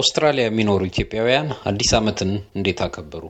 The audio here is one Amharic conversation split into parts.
በአውስትራሊያ የሚኖሩ ኢትዮጵያውያን አዲስ ዓመትን እንዴት አከበሩ?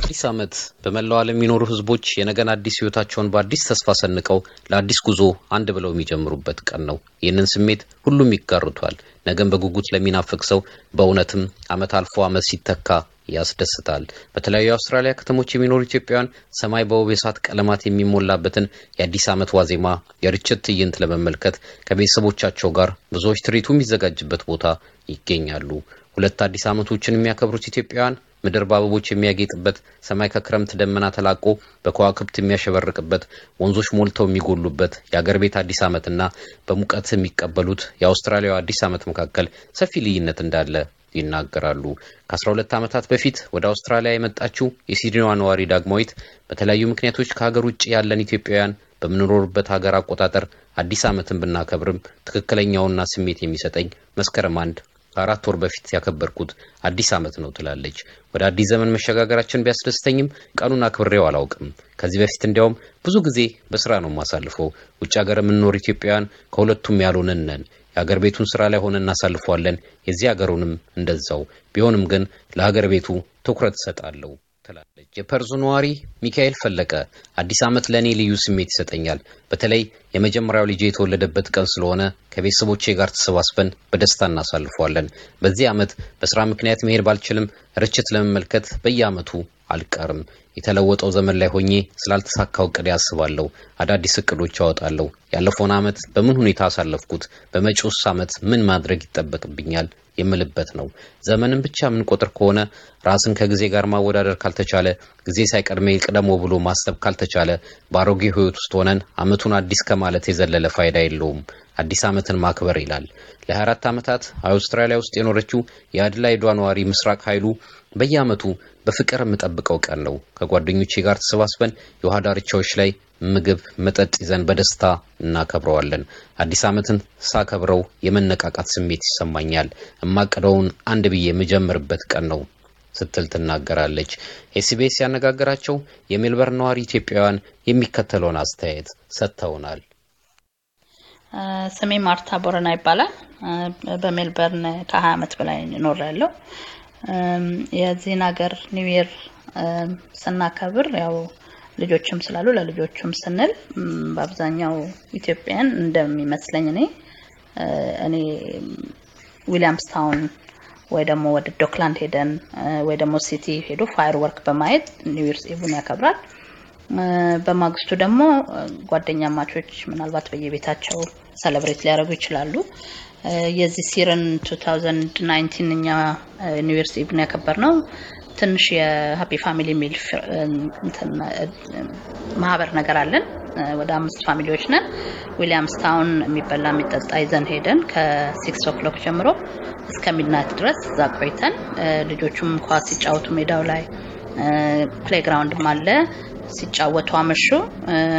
አዲስ ዓመት በመላው ዓለም የሚኖሩ ህዝቦች የነገን አዲስ ህይወታቸውን በአዲስ ተስፋ ሰንቀው ለአዲስ ጉዞ አንድ ብለው የሚጀምሩበት ቀን ነው። ይህንን ስሜት ሁሉም ይጋሩቷል። ነገን በጉጉት ለሚናፍቅ ሰው በእውነትም ዓመት አልፎ ዓመት ሲተካ ያስደስታል። በተለያዩ የአውስትራሊያ ከተሞች የሚኖሩ ኢትዮጵያውያን ሰማይ በውብ የእሳት ቀለማት የሚሞላበትን የአዲስ ዓመት ዋዜማ የርችት ትዕይንት ለመመልከት ከቤተሰቦቻቸው ጋር ብዙዎች ትርኢቱ የሚዘጋጅበት ቦታ ይገኛሉ። ሁለት አዲስ ዓመቶችን የሚያከብሩት ኢትዮጵያውያን ምድር በአበቦች የሚያጌጥበት፣ ሰማይ ከክረምት ደመና ተላቆ በከዋክብት የሚያሸበርቅበት፣ ወንዞች ሞልተው የሚጎሉበት የአገር ቤት አዲስ ዓመትና በሙቀት የሚቀበሉት የአውስትራሊያው አዲስ ዓመት መካከል ሰፊ ልዩነት እንዳለ ይናገራሉ። ከ12 ዓመታት በፊት ወደ አውስትራሊያ የመጣችው የሲድኒዋ ነዋሪ ዳግማዊት በተለያዩ ምክንያቶች ከሀገር ውጭ ያለን ኢትዮጵያውያን በምንኖርበት ሀገር አቆጣጠር አዲስ ዓመትን ብናከብርም ትክክለኛውና ስሜት የሚሰጠኝ መስከረም አንድ ከአራት ወር በፊት ያከበርኩት አዲስ ዓመት ነው ትላለች። ወደ አዲስ ዘመን መሸጋገራችን ቢያስደስተኝም ቀኑን አክብሬው አላውቅም። ከዚህ በፊት እንዲያውም ብዙ ጊዜ በስራ ነው የማሳልፈው። ውጭ ሀገር የምንኖር ኢትዮጵያውያን ከሁለቱም ያልሆንን ነን። የአገር ቤቱን ስራ ላይ ሆነ እናሳልፏለን፣ የዚህ አገሩንም እንደዛው። ቢሆንም ግን ለአገር ቤቱ ትኩረት እሰጣለሁ ትላለች። የፐርዙ ነዋሪ ሚካኤል ፈለቀ አዲስ ዓመት ለእኔ ልዩ ስሜት ይሰጠኛል። በተለይ የመጀመሪያው ልጅ የተወለደበት ቀን ስለሆነ ከቤተሰቦቼ ጋር ተሰባስበን በደስታ እናሳልፈዋለን። በዚህ ዓመት በስራ ምክንያት መሄድ ባልችልም ርችት ለመመልከት በየዓመቱ አልቀርም። የተለወጠው ዘመን ላይ ሆኜ ስላልተሳካው እቅድ ያስባለሁ። አዳዲስ እቅዶች አወጣለሁ። ያለፈውን ዓመት በምን ሁኔታ አሳለፍኩት፣ በመጪውስ ዓመት ምን ማድረግ ይጠበቅብኛል የምልበት ነው። ዘመንን ብቻ የምንቆጥር ከሆነ ራስን ከጊዜ ጋር ማወዳደር ካልተቻለ፣ ጊዜ ሳይቀድመ ይቅደሞ ብሎ ማሰብ ካልተቻለ፣ በአሮጌ ህይወት ውስጥ ሆነን ዓመቱን አዲስ ከማለት የዘለለ ፋይዳ የለውም። አዲስ ዓመትን ማክበር ይላል። ለ24 ዓመታት አውስትራሊያ ውስጥ የኖረችው የአድላይዷ ነዋሪ ምስራቅ ኃይሉ በየዓመቱ በፍቅር የምጠብቀው ቀን ነው። ከጓደኞቼ ጋር ተሰባስበን የውሃ ዳርቻዎች ላይ ምግብ፣ መጠጥ ይዘን በደስታ እናከብረዋለን። አዲስ ዓመትን ሳከብረው የመነቃቃት ስሜት ይሰማኛል። እማቅደውን አንድ ብዬ የምጀምርበት ቀን ነው ስትል ትናገራለች። ኤስቢኤስ ያነጋገራቸው የሜልበርን ነዋሪ ኢትዮጵያውያን የሚከተለውን አስተያየት ሰጥተውናል። ስሜ ማርታ ቦረና ይባላል። በሜልበርን ከሀያ ዓመት በላይ ኖር ያለው የዚህን ሀገር ኒው ስናከብር ያው ልጆችም ስላሉ ለልጆቹም ስንል በአብዛኛው ኢትዮጵያን እንደሚመስለኝ እኔ እኔ ዊሊያምስ ታውን ወይ ደግሞ ወደ ዶክላንድ ሄደን ወይ ደግሞ ሲቲ ሄዶ ፋየር ወርክ በማየት ኒው ይርስ ኢቭን ያከብራል። በማግስቱ ደግሞ ጓደኛ ማቾች ምናልባት በየቤታቸው ሰለብሬት ሊያደርጉ ይችላሉ። የዚህ ሲርን 2019 እኛ ኒው ይርስ ኢቭን ያከበር ነው ትንሽ የሀፒ ፋሚሊ የሚል ማህበር ነገር አለን። ወደ አምስት ፋሚሊዎች ነን። ዊሊያምስ ታውን የሚበላ የሚጠጣ ይዘን ሄደን ከሲክስ ኦክሎክ ጀምሮ እስከ ሚድናይት ድረስ እዛ ቆይተን ልጆቹም ኳስ ሲጫወቱ ሜዳው ላይ ፕሌይግራውንድም አለ ሲጫወቱ አመሹ።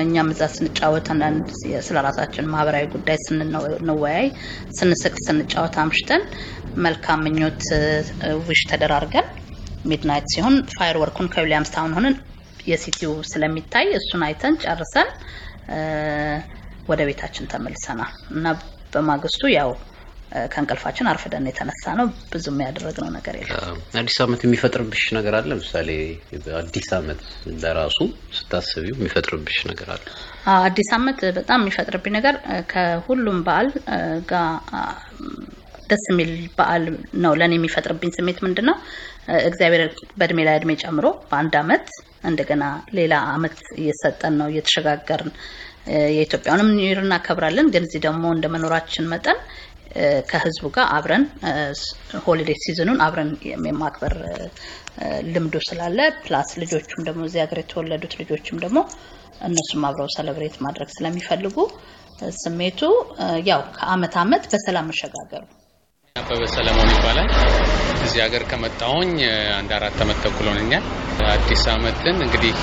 እኛም እዛ ስንጫወት አንዳንድ ስለ ራሳችን ማህበራዊ ጉዳይ ስንወያይ፣ ስንስቅ፣ ስንጫወት አምሽተን መልካም ምኞት ውሽ ተደራርገን ሚድናይት ሲሆን ፋየር ወርኩን ከዊሊያምስ ታውን ሆነን የሲቲው ስለሚታይ እሱን አይተን ጨርሰን ወደ ቤታችን ተመልሰናል እና በማግስቱ ያው ከእንቅልፋችን አርፍደን የተነሳ ነው። ብዙም ያደረግነው ነገር የለም። አዲስ አመት የሚፈጥርብሽ ነገር አለ? ለምሳሌ አዲስ አመት ለራሱ ስታስቢው የሚፈጥርብሽ ነገር አለ? አዲስ አመት በጣም የሚፈጥርብኝ ነገር ከሁሉም በዓል ጋር ደስ የሚል በዓል ነው። ለእኔ የሚፈጥርብኝ ስሜት ምንድን ነው? እግዚአብሔር በእድሜ ላይ እድሜ ጨምሮ በአንድ አመት እንደገና ሌላ አመት እየሰጠን ነው እየተሸጋገርን የኢትዮጵያውንም ኒውይር እናከብራለን። ግን እዚህ ደግሞ እንደ መኖራችን መጠን ከህዝቡ ጋር አብረን ሆሊዴ ሲዝኑን አብረን የማክበር ልምዱ ስላለ ፕላስ ልጆቹም ደግሞ እዚህ ሀገር የተወለዱት ልጆችም ደግሞ እነሱም አብረው ሰለብሬት ማድረግ ስለሚፈልጉ ስሜቱ ያው ከአመት አመት በሰላም መሸጋገሩ አበበ ሰለሞን ይባላል። እዚህ ሀገር ከመጣሁኝ አንድ አራት አመት ተኩል ሆነኛል። አዲስ አመትን እንግዲህ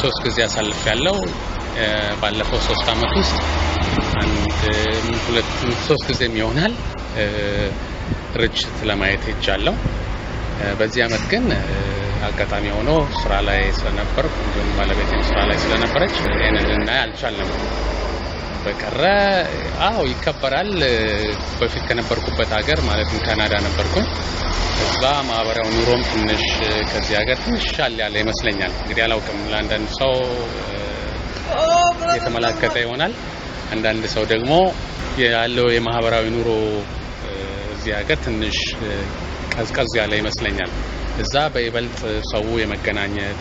ሶስት ጊዜ አሳልፍ ያለው ባለፈው ሶስት አመት ውስጥ አንድ ሁለት ሶስት ጊዜም ይሆናል ርችት ለማየት ሄጃለሁ። በዚህ አመት ግን አጋጣሚ ሆኖ ስራ ላይ ስለነበር እንዲሁም ባለቤቴም ስራ ላይ ስለነበረች ይህንን ልናይ አልቻለም። በቀረ አዎ ይከበራል። በፊት ከነበርኩበት ሀገር ማለትም ካናዳ ነበርኩኝ። እዛ ማህበራዊ ኑሮም ትንሽ ከዚህ ሀገር ትንሽ ሻል ያለ ይመስለኛል። እንግዲህ አላውቅም፣ ለአንዳንድ ሰው የተመላከተ ይሆናል። አንዳንድ ሰው ደግሞ ያለው የማህበራዊ ኑሮ እዚህ ሀገር ትንሽ ቀዝቀዝ ያለ ይመስለኛል። እዛ በይበልጥ ሰው የመገናኘት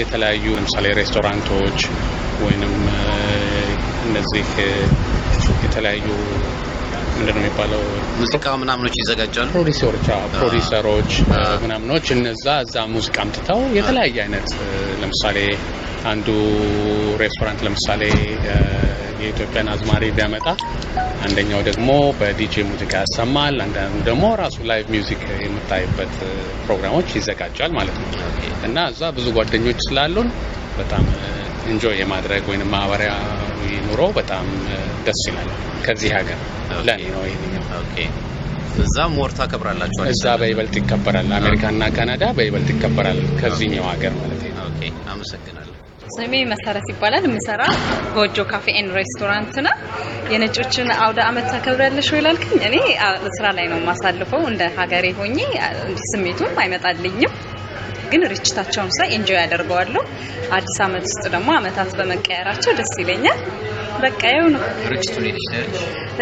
የተለያዩ ለምሳሌ ሬስቶራንቶች ወይንም እነዚህ የተለያዩ ምንድነው የሚባለው ሙዚቃ ምናምኖች ይዘጋጃሉ። ፕሮዲሰሮች ፕሮዲሰሮች ምናምኖች እነዛ እዛ ሙዚቃ አምጥተው የተለያየ አይነት ለምሳሌ አንዱ ሬስቶራንት ለምሳሌ የኢትዮጵያን አዝማሪ ቢያመጣ አንደኛው ደግሞ በዲጄ ሙዚቃ ያሰማል። አንዳንዱ ደግሞ ራሱ ላይቭ ሚውዚክ የምታይበት ፕሮግራሞች ይዘጋጃል ማለት ነው እና እዛ ብዙ ጓደኞች ስላሉን በጣም ኢንጆይ የማድረግ ወይም ማህበሪያ ኑሮ በጣም ደስ ይላል። ከዚህ ሀገር ለኔ ነው ይሄኛው። እዛ ሞር ታከብራላችሁ። እዛ በይበልጥ ይከበራል። አሜሪካና ካናዳ በይበልጥ ይከበራል ከዚህኛው ሀገር ማለት ነው። አመሰግናለሁ። ስሜ መሰረት ይባላል። የምሰራ ጎጆ ካፌ ኤንድ ሬስቶራንት ነው። የነጮችን አውደ አመት ታከብሪያለሽ ወይ እኔ ስራ ላይ ነው የማሳልፈው። እንደ ሀገሬ ሆኜ ስሜቱም አይመጣልኝም ግን ርችታቸውን ሳይ ኤንጆይ ያደርገዋለሁ። አዲስ አመት ውስጥ ደግሞ አመታት በመቀየራቸው ደስ ይለኛል። በቃ ይኸው ነው።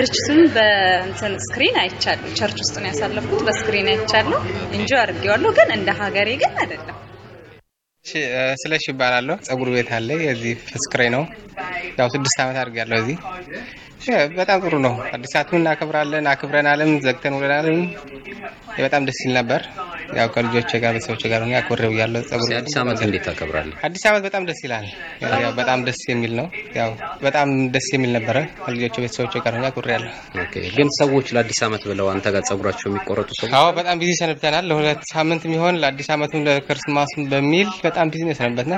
ርችቱን በእንትን ስክሪን አይቻለሁ። ቸርች ውስጥ ነው ያሳለፍኩት። በስክሪን አይቻለሁ። ኤንጆይ አድርጌዋለሁ። ግን እንደ ሀገሬ ግን አይደለም። ስለሽ ይባላለሁ። ጸጉር ቤት አለ የዚህ ፍስክሬ ነው። ያው ስድስት አመት አድርጌያለሁ እዚህ በጣም ጥሩ ነው። አዲስ አመቱን እናከብራለን፣ አክብረናልም፣ ዘግተን ውለናልም። በጣም ደስ ይል ነበር። ያው ከልጆቼ ጋር ቤተሰቦቼ ጋር ነው አክብሬው ያለ ጸጉር። አዲስ ዓመት እንዴት ታከብራለህ? አዲስ ዓመት በጣም ደስ ይላል። ያው በጣም ደስ የሚል ነው። ያው በጣም ደስ የሚል ነበረ። ከልጆቼ ቤተሰቦቼ ጋር ነው ሆኜ ያለ። ኦኬ። ግን ሰዎች ለአዲስ ዓመት ብለው አንተ ጋር ጸጉራቸው የሚቆረጡ ሰዎች? አዎ በጣም ቢዚ ሰንብተናል። ለሁለት ሳምንት የሚሆን ለአዲስ ዓመቱም ለክርስማሱም በሚል በጣም ቢዚ ነው ሰንበትና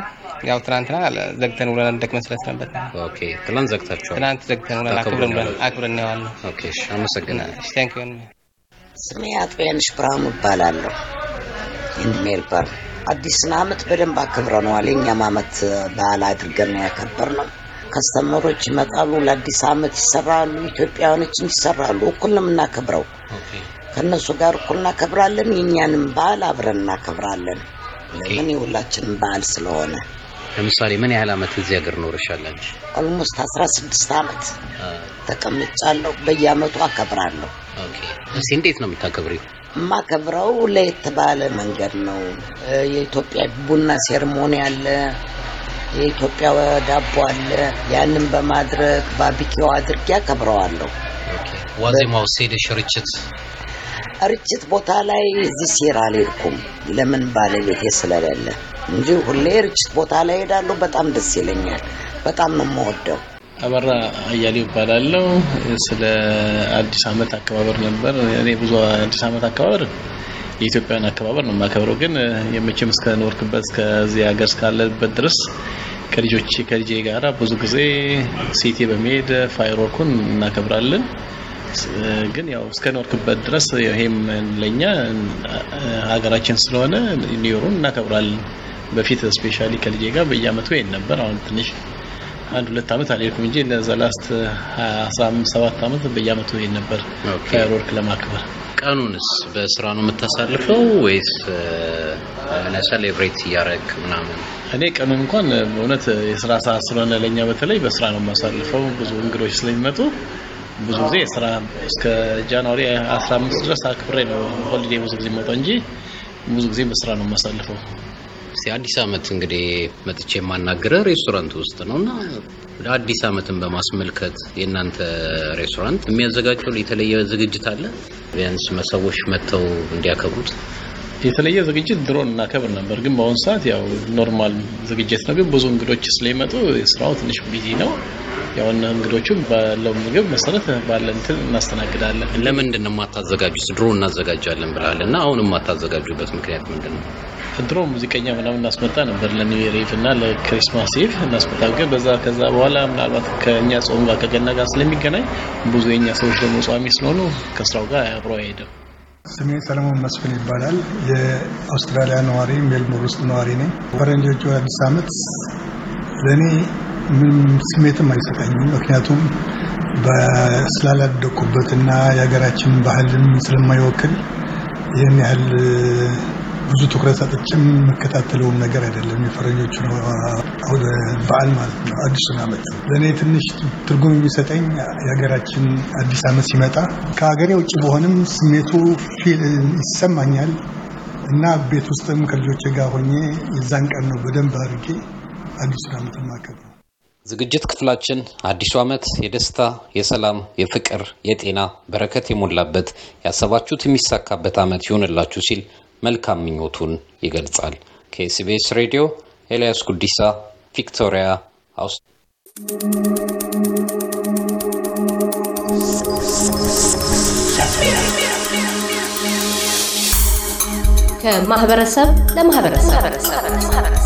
ያው ትናንትና ዘግተን ውለን ደክመን ስለሰንበት ነው። ኦኬ ትናንት ዘግታችኋል? ትናንት ዘግተን ውለን አክብረን አክብረን ነው ነው። ኦኬ አመሰግናለሁ። ስሜ አጥቢያንሽ ብርሃኑ እባላለሁ። ሜልበር አዲስን አመት በደንብ አክብረነዋል። የእኛም አመት በዓል አድርገን ነው ያከበርነው። ከስተመሮች ይመጣሉ፣ ለአዲስ አመት ይሰራሉ፣ ኢትዮጵያውያኖችም ይሰራሉ። እኩል ነው የምናከብረው። ከእነሱ ጋር እኩል እናከብራለን። የእኛንም በዓል አብረን እናከብራለን። ለምን የሁላችንም በዓል ስለሆነ። ለምሳሌ ምን ያህል አመት እዚህ ሀገር ኖርሻለች? አንቺ? ኦልሞስት 16 አመት ተቀምጫለሁ። በየአመቱ አከብራለሁ። ኦኬ። እስኪ እንዴት ነው የምታከብሪው? የማከብረው ለየት ባለ መንገድ ነው። የኢትዮጵያ ቡና ሴርሞኒ አለ፣ የኢትዮጵያ ዳቦ አለ። ያንን በማድረግ ባቢኪው አድርጌ አከብረዋለሁ። ዋዜማው ሴደሽ ርችት ርችት ቦታ ላይ እዚህ ሴራ አልሄድኩም፣ ለምን ባለቤቴ ስለሌለ እንጂ ሁሌ ርችት ቦታ ላይ ሄዳለሁ። በጣም ደስ ይለኛል። በጣም ነው የምወደው። አበራ አያሌው እባላለሁ። ስለ አዲስ አመት አከባበር ነበር። እኔ ብዙ አዲስ ዓመት አከባበር የኢትዮጵያን አከባበር ነው የማከብረው። ግን የመቼም ኖርክበት እስከዚህ ሀገር እስካለበት ድረስ ከልጆች ከልጄ ጋራ ብዙ ጊዜ ሲቲ በመሄድ ፋይርወርኩን እናከብራለን። ግን ያው ኖርክበት ድረስ ይሄም ለኛ ሀገራችን ስለሆነ ኒውዮሩን እናከብራለን። በፊት ስፔሻሊ ከልጄ ጋር በየአመቱ ይሄን ነበር። አሁን ትንሽ አንድ ሁለት አመት አልሄድኩም እንጂ ለዛ ላስት 7 ዓመት በየአመቱ ይሄን ነበር ፋየር ለማክበር። ቀኑንስ በስራ ነው የምታሳልፈው ወይስ ሴሌብሬት እያደረግ ምናምን? እኔ ቀኑን እንኳን በእውነት የስራ ሰዓት ስለሆነ ለኛ በተለይ በስራ ነው የማሳልፈው። ብዙ እንግዶች ስለሚመጡ ብዙ ጊዜ ስራ እስከ ጃንዋሪ 15 ድረስ አክብሬ ነው ሆሊዴ ብዙ ጊዜ መውጣ እንጂ ብዙ ጊዜ በስራ ነው የማሳልፈው። እስቲ አዲስ ዓመት እንግዲህ መጥቼ የማናገረ ሬስቶራንት ውስጥ ነው እና አዲስ ዓመትን በማስመልከት የእናንተ ሬስቶራንት የሚያዘጋጀው የተለየ ዝግጅት አለ? ቢያንስ መሰዎች መጥተው እንዲያከብሩት የተለየ ዝግጅት ድሮ እናከብር ነበር፣ ግን በአሁኑ ሰዓት ያው ኖርማል ዝግጅት ነው። ግን ብዙ እንግዶች ስለሚመጡ ስራው ትንሽ ቢዚ ነው። ያው እንግዶቹ ባለው ምግብ መሰረት ባለ እንትን እናስተናግዳለን። ለምንድን ነው የማታዘጋጁት? ድሮ እናዘጋጃለን ብለሃል እና አሁን የማታዘጋጁበት ምክንያት ምንድን ነው? ድሮ ሙዚቀኛ ምናምን እናስመጣ ነበር ለኒው ኢቭ እና ለክሪስማስ ኢቭ እናስመጣ። ግን በዛ ከዛ በኋላ ምናልባት ከእኛ ጾም ጋር ከገና ጋር ስለሚገናኝ ብዙ የእኛ ሰዎች ደግሞ ጿሚ ስለሆኑ ከስራው ጋር አብሮ አይሄድም። ስሜ ሰለሞን መስፍን ይባላል። የአውስትራሊያ ነዋሪ ሜልቦርን ውስጥ ነዋሪ ነኝ። ፈረንጆቹ አዲስ ዓመት ለእኔ ምንም ስሜትም አይሰጠኝም። ምክንያቱም ስላላደኩበት እና የሀገራችን ባህልም ስለማይወክል ይህን ያህል ብዙ ትኩረት ሰጥቼም የምከታተለውም ነገር አይደለም። የፈረኞቹ ወደ በዓል ማለት ነው አዲሱን ዓመት ለእኔ ትንሽ ትርጉም የሚሰጠኝ የሀገራችን አዲስ ዓመት ሲመጣ ከሀገሬ ውጭ በሆንም ስሜቱ ይሰማኛል እና ቤት ውስጥም ከልጆቼ ጋር ሆኜ የዛን ቀን ነው በደንብ አድርጌ አዲሱን ዓመት ማከብ ነው። ዝግጅት ክፍላችን አዲሱ ዓመት የደስታ፣ የሰላም፣ የፍቅር፣ የጤና በረከት የሞላበት ያሰባችሁት የሚሳካበት ዓመት ይሆንላችሁ ሲል መልካም ምኞቱን ይገልጻል። ከኤስቢኤስ ሬዲዮ ኤልያስ ጉዲሳ ቪክቶሪያ አውስ ከማህበረሰብ ለማህበረሰብ